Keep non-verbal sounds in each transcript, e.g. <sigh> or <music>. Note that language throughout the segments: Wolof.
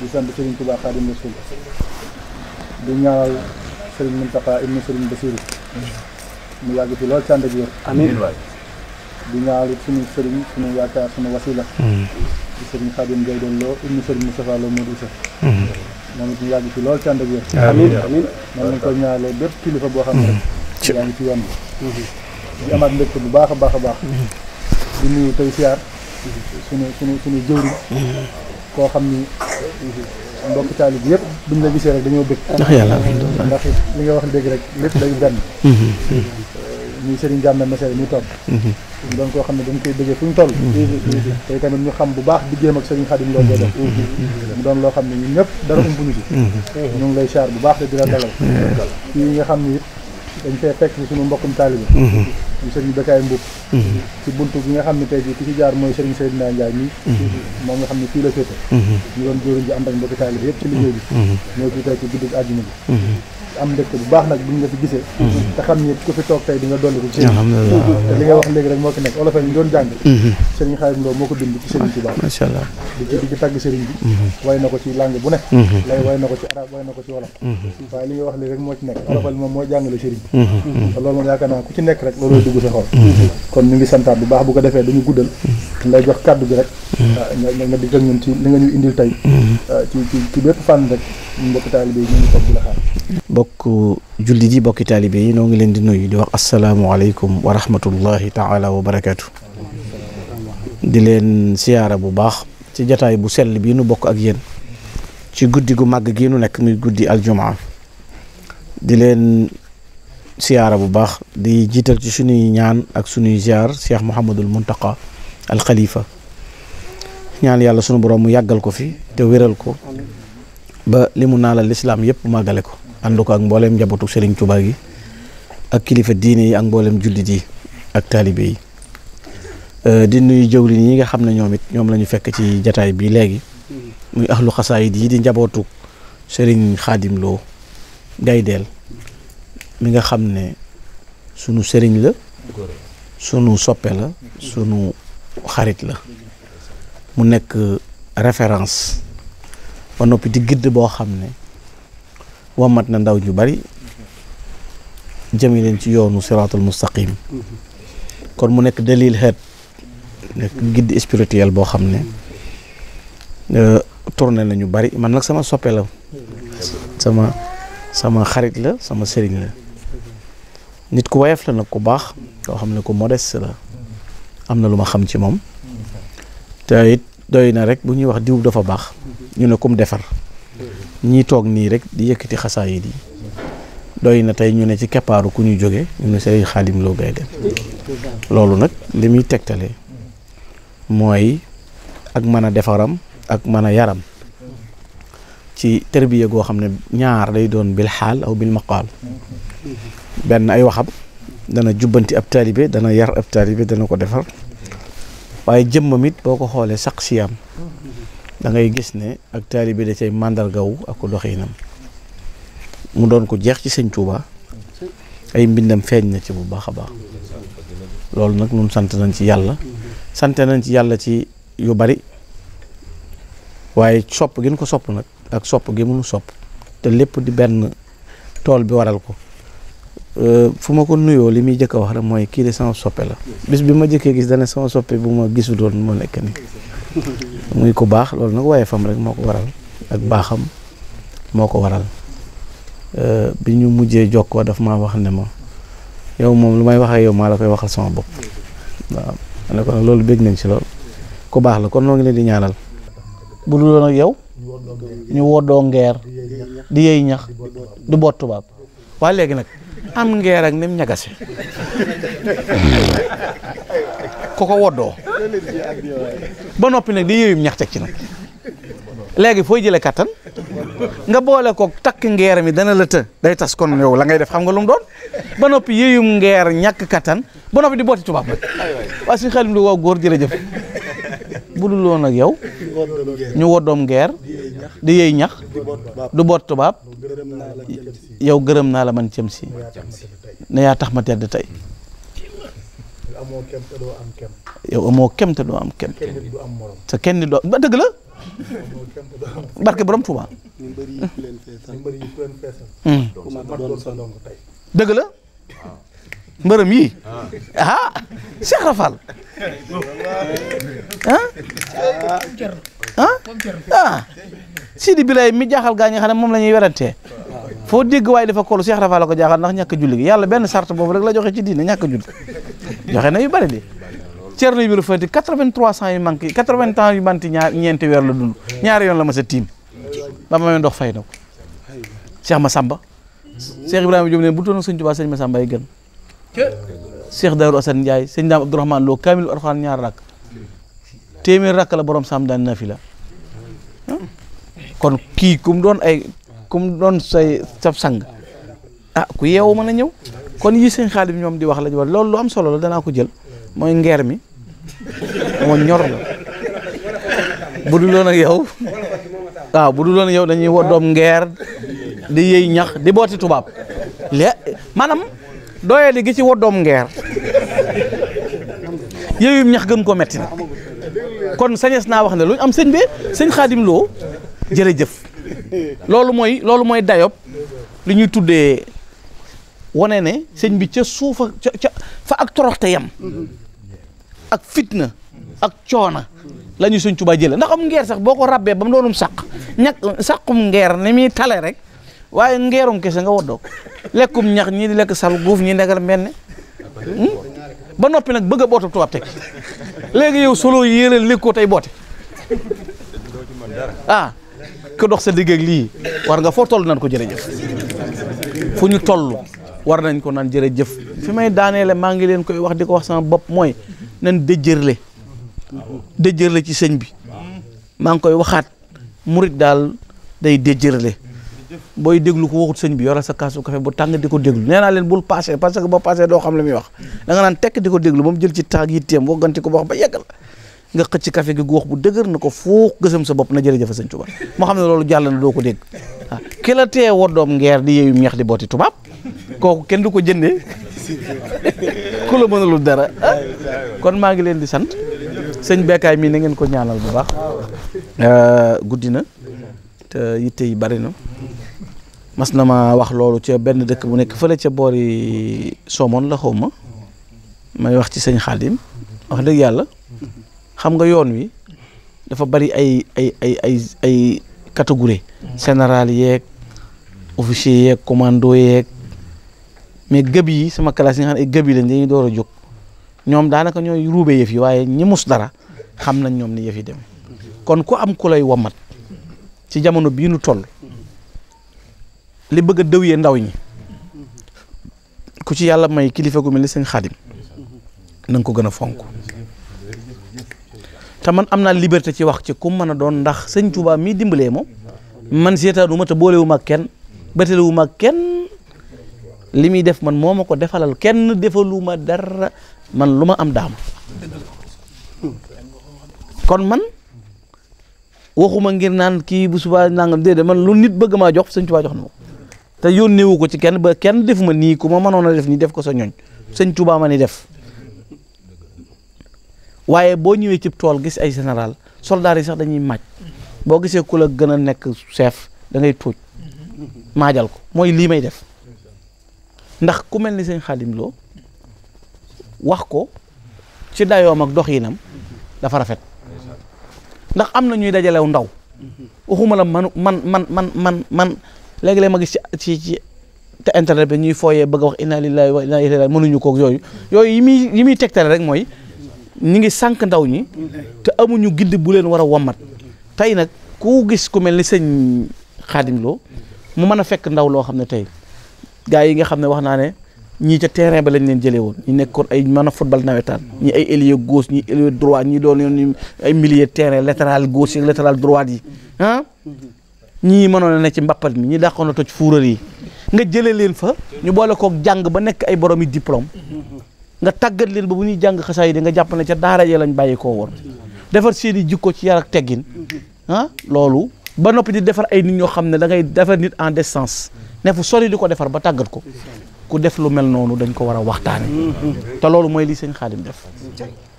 di sant Serigne Touba Khadim Rasoul di ñaanal Serigne Mountakha ibnu Serigne Bassirou mu yàgg fi lool cànd ak wér amiin waay di ñaanal suñu Serigne yaakaar suñu wasila hmm. di Serigne Khadim Gaye Lo ibnu Serigne Moustapha Lo Modou moo hmm. moom it ñu yàgg fi lool cànd ak wér amiin amiin moom lañ koy ñaanalee bépp kilifa boo xam ne rek hmm. yaa ngi ci yoon bi amaat mbégte bu baax a baax a baax di nuyu tey siyaar sunu sunu sunu jëwriñ koo xam ni mbokk taalib yëpp buñ la gisee rek dañoo bëgg ndax yàlla ndax li nga wax dëgg rek lépp day benn ñuy sëriñ Gàmba Mesere ñu toog mhm. doon koo xam ne dañ koy bëggee fu ñu toll mhm. tey tamit ñu xam bu baax bi ak sëriñ Xadim loo koy mhm. def mu doon loo xam ne ñun ñëpp dara umbuñu ci ñu ngi lay char bu baax te di la dalal fii nga xam ni dañ fee fekk ni suñu mbokkum taalibi ñu sëriñ Bekaay Mbuub ci buntu bi nga xam ne tey ki ci jaar mooy sëriñ Seydina Ndiaye mii mhm. moom nga xam ne fii la féete mhm. ñu doon jóoruñ ji ànd ak mbokki taalibe yëpp ci liggéey bi mhm. ñoo ci tey ci guddi àjjuma bi am ndëkk bu baax nag buñ nga fi gisee mhm. te xam ni ku fi toog tey di nga dolli ko ci te li nga wax léegi rek moo ko nekk olof yi ñu doon jàng mhm. Serigne Khadim Lo moo ko bind ci Serigne Touba macha Allah di ci di ci tàgg Serigne bi mhm. way na ko ci langue bu ne lay way na ko ci arab way na ko ci wolof waaye li nga wax léegi rek moo ci nekk olof yi moom mooy jàngale Serigne bi te loolu moom yaakaar naa ku ci nekk rek loolooy dugg sa xol kon ñu ngi santaat bu baax bu ko defee dañu guddal lay jox kàddu gi rek ah, nga nga diggal ñun ci li nga ñu indil tey ah, ci ci bépp fànn rek mbokk taalibe yi ñu ngi toog di la xaar بوك جولدي دي بوك طالبي نوغي لين دي نوي دي السلام عليكم ورحمه الله تعالى وبركاته دي لين سياره بو باخ تي جتاي بو سيل بي نو بوك اك يين تي غودي غو ماغ غي نو نيك مي غودي الجمعه دي لين سياره بو باخ دي جيتال تي سوني نيان اك سوني زيار شيخ محمد المنتقى الخليفه نيان يالا سونو بروم ياغال كو في تي ويرال كو با لي مو نالا الاسلام ييب ماغال andok ak mbollem jabotou Serigne Touba gi ak kilifa diine yi ak mbollem jullit yi ak taalibe yi euh, di nuyu jëwlin yi nga xam ñomit ñom lañu fekk ci jotaay bi léegi muy ahlu khasaid yi di jabotou Serigne Khadim Lo Gaidel, mi nga xamne sunu sering la sunu soppe la sunu xarit la mu nek référence wa nopi di gidd bo xamne wamat na ndaw ñu bari jëmi ci yoonu mustaqim kon mu dalil het nekk guide spirituel boo xam ne tourné nañu bari man sama soppe la sama sama xarit la sama sëriñ la nit ku woyof la nag ku baax koo xam ne ku modeste la am na xam ci moom rek bu wax diw dafa ñu ne kum defar ñii toog nii rek di yëkkati xasaayid yi doy na tey ñu ne ci keppaaru ku ñu jóge ñu ne Sëriñ Xaadim Lo Gaydel loolu nag li muy tegtale mooy ak man a defaram ak mën a yaram ci tërbiya goo xam ne ñaar lay doon bil xaal aw bil maqaal benn ay waxam dana jubbanti ab taalibe dana yar ab taalibe dana ko defar waaye jëmmam it boo ko xoolee saq siyam da ngay gis ne ak bi da cay màndargawu ak ko doxinam mu doon ko jeex ci sëñ Touba ay mbindam feeñ na ci bu baax a baax loolu nag ñun sant nañ ci yàlla sant nañ ci yàlla ci yu bari waaye sopp gi ñu ko sopp nag ak sopp gi mënu sopp te lépp di benn tool bi waral ko fu ma ko nuyoo li muy jëkk a wax rek mooy kii de sama soppe la bis bi ma jëkkee gis dana sama soppe bu ma gisu doon moo nekk nii muy ku baax loolu nag waaye fam rek moo ko waral ak baaxam moo ko waral euh, bi ñu mujjee jokkoo daf ma wax ne ma yow moom lu may wax yow maa la koy waxal sama bopp waaw loolu bég nañ si lool ku baax la kon noo ngi leen di ñaanal bu dul woon ak yow ñu woddoo ngeer di yey ñax di boot tubaab waa léegi nag am ngeer ak nim ñagase <laughs> ko ko woddoo ba noppi nag di yëyum ñax teg ci nag léegi fooy jëlee kattan nga boole kook takk ngeer mi dana la day tas kon yow la ngay def xam nga lu mu doon ba noppi yëyum ngeer ñàkk kattan ba noppi di booti tubaab nag waa suñu xalim lu waaw góor jërëjëf bu dul woon ak yow ñu woddoom ngeer di yëy ñax du boot tubaab yow gërëm naa la man cëm si ne yaa tax ma tedd tey amoo kem te doo am kem. yow amoo kem te doo am kem. kenn nit du am morom. te kenn nit doo ba dëgg la. barke borom Touba. ni mbëri yi ku leen feesal. ni mbëri yi ku leen feesal. Hmm. dëgg la. mbërëm yii ah. ah Cheikh Rafal ah. ah ah ah Sidi Bilaay mi jaaxal gaa ñi xam ne moom la ñuy werantee fo deg way dafa ko Seex Rafaa la ko jaaxal ndax ñàkk julli yalla ben charte bobu rek la joxe ci diina ñak julli joxe na yu bari de cierno yu Faati 83 ans yu manki 80 ans yu manti ñaar ñeenti weer la dund ñaar yon la ma sa tim ba ma ndox fay nak ko Cheikh Massamba Cheikh ibrahim Diop ne bu toonoon sëñ Tuubaa sëñ Massamba ay gën Cheikh daru Assane ndjay seigne dam abdourahman Lo kamil Alxuraan ñaar rak téeméer rak la borom sam dan nafila kon ki kum don ay kum doon say sab sang ah ku yeewu mën a ñëw kon yi seen xaalis ñoom di wax la ñu war loolu am solo la danaa ko jël mooy ngeer mi moo ñor la bu du loon ak yow ah, bu du loon ak yow dañuy woddoom ngeer di yëy ñax di booti tubaab lé maanaam dooyee di gi ci woddoom ngeer yëyum ñax gën ko metti nag kon sañes naa wax ne lu am sëñ bi sëñ xaadim loo jërëjëf loolu mooy loolu mooy dayob li ñuy tuddee wane ne sëñ bi ca suufa ca ca fa ak toroxte yam ak fitna ak coona la ñu sëñ Tuubaa jële ndax am ngeer sax boo ko rabbee ba mu doonum sàq ñàkk sàqum ngeer ni muy tale rek waaye ngeerum kese nga waddoo lekkum ñax ñii di lekk sal guuf ñii nekkal mel ne hmm? ba noppi nag bëgg a bootu tubaab teg léegi yow solo yéeral léegi ko tey boote ah. ku dox sa digg lii war nga foo toll nan ko jërëjëf foo ñu toll war nañ ko naan jëf fi may daaneele maa ngi leen koy wax di ko wax sama bopp mooy nan dëjërle dëjërle ci sëñ bi maa ngi koy waxaat murit daal day dëjërle booy déglu ko waxut sëñ bi yoral sa kaasu café bu tàng di ko déglu nee naa leen bul passé parce que doo xam la muy wax da nga naan tekk di ko déglu ba mu jël ci taag yitteem wogganti ko ba wax ba yeggal nga xëcc café gi wax bu dëgër nako ko gëssam sa bop na jëre sëñ Tuubaa moo mo ne loolu jall na doko dégg ah, ki la tee woddoom ngër di yeeyu ñax di boti tubaab koku kën du ko jëndee <laughs> ku la lu dara kon ma ngi leen di sant sëñ Bekkaay mi na ngeen ko ñaanal bu baax euh guddina té yi bari na mas na ma wax loolu ci benn dëkk bu nekk fele ci boori Somone la xawma may wax ci sëñ khadim wax dëgg yalla xam nga yoon wi dafa bari ay ay ay ay ay catégorie mm. général yeeg officier yeeg commando yeeg mais gëb yi sama classe yi nga xam ne gëb yi lañ a jóg ñoom daanaka ñooy ruube yëf waaye ñi mus dara xam nañ ñoom ni yëf yi dem kon ku am ku lay womat ci jamono bii nu toll li bëgg a dëwyee ndaw ñi ku ci yàlla may kilifa gu mel ni seen Xaadim na ko gën a fonk te man amna liberté ci wax ci kum mën a doon ndax Seigne Touba mi dimbalé mom man seetaanuma te boolewuma kenn bëtelewuma kenn limi def man momako ko defalal kenn defaluma dara man lu am daam kon man waxuma ngir nan ki bu suba nangam déedéet man lu nit bëgg ma jox Seigne Touba jox na ma te ko ci kenn ba kenn defuma nii ku def ni def ko sa ñooñ Seigne Touba ma ni def waaye boo ñëwee ci tool gis ay général soldats yi sax dañuy maaj boo gisee ku la gën a nekk seef da ngay tuuj maajal ko mooy lii may def ndax ku mel ni sëñ Xaadim Lo wax ko ci dayoom ak nam dafa rafet ndax am na ñuy dajalew ndaw waxuma la man man man man man man léegi-léeg ma gis ci ci te internet bi ñuy fooyee bëgg a wax inna lillahi wa inna ilayhi mënuñu koog yooyu yooyu yi muy yi muy tegtale rek mooy ñi ngi sànq ndaw ñi te amuñu gidd bu leen war a wommat tey nag ku gis ku mel ni sëñ Xaadim Lo mu mën a fekk ndaw loo xam ne tey gars yi nga xam ne wax naa ne ñii ca terrain ba lañ leen jëlee woon ñu nekkoon ay man a football nawetaan ñi ay ailier gauche ñi ailier droit ñi doon yoon ay milieu tere latéral gauche yi latéral droit yi ah ñii mënoon na ne ci mbappat mi ñi dàqoon na toj fuural yi nga jëlee leen fa ñu boole kook jàng ba nekk ay boroomi diplôme nga tàggat leen ba bu ñuy jàng xasaay di nga jàpp ne ca daara ja lañ bàyyi koo defar seen jikko ci teggin ah loolu ba noppi di defar ay nit ñoo xam ne da ngay defar nit en distance ne fu sori di ko defar ba tàggat ko ku def lu mel noonu dañ ko war a waxtaane te loolu mooy li sëñ Xaadim def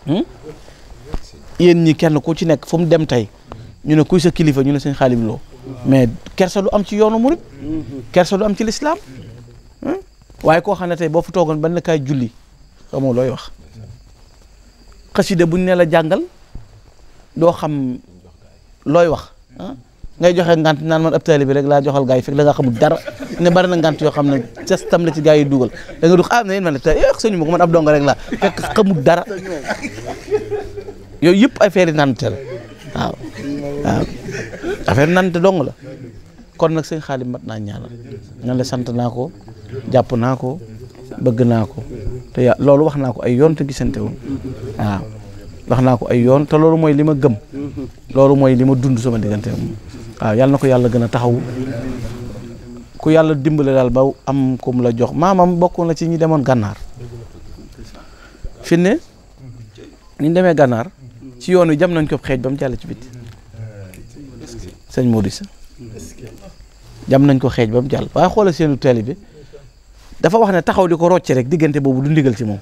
hmm? yéen ñi kenn ku ci nekk fu mu dem tey ñu ne kuy sa kilifa ñu ne sëñ Xaadim loo mais kersa lu am ci yoonu murit kersa lu am ci l'islam hmm? waaye koo xam ne tey boo fu toogoon benn kaay julli xamoo looy wax xasida buñ ne la jàngal doo xam looy wax ah? ngay joxe ngant naan ma ab taalibe rek laa joxal gaa yi fekk la nga xamul dara ne bari na ngant yoo xam ne ses tam la ci gaa yi dugal da nga dux ah a ma ko man ab donga rek laa fekk xamul dara yëpp affaire yi nante la dong la kon nag sëñ Xaadim mat naa ñaanal ñan la sant naa ko jàpp naa ko bëgg naa ko te ya loolu wax naa ko ay yoon te gisante wu waaw wax naa ko ay yoon te loolu mooy li ma gëm loolu mooy li ma dund sama diggante moom waaw yàlla na ko yàlla gën a taxaw ku yàlla dimbale daal ba am ku la jox maamam bokkoon na ci ñi demoon gànnaar fi ne ni ñu demee gànnaar ci yoon wi jam nañ ko xeej ba mu jàll ci biti sëñ Modou Sa jam nañ ko xeej ba mu jàll waaye xoolal seenu teel bi dafa wax ne taxaw di ko rocc rek diggante boobu du ndigal ci moom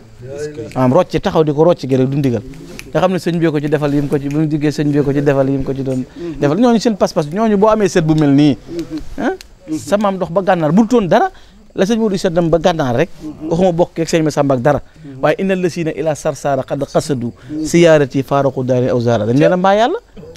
maanaam rocc taxaw di ko rocc gi rek xam ne sëñ bi ko ci ko ci bu mu diggee sëñ bi ko ci defal yim ko ci doon defal ñooñu seen pas-pas ñooñu boo amee set bu mel nii ah, sa maam ba gànnaar bul toon dara la sëñ Modou Issa dem ba gànnaar rek ma bokk ak sëñ ma sàmba ak dara waaye inna la siina ila sarsara qad qasadu siyaarati faaraqu daari aw zaara dañ leen a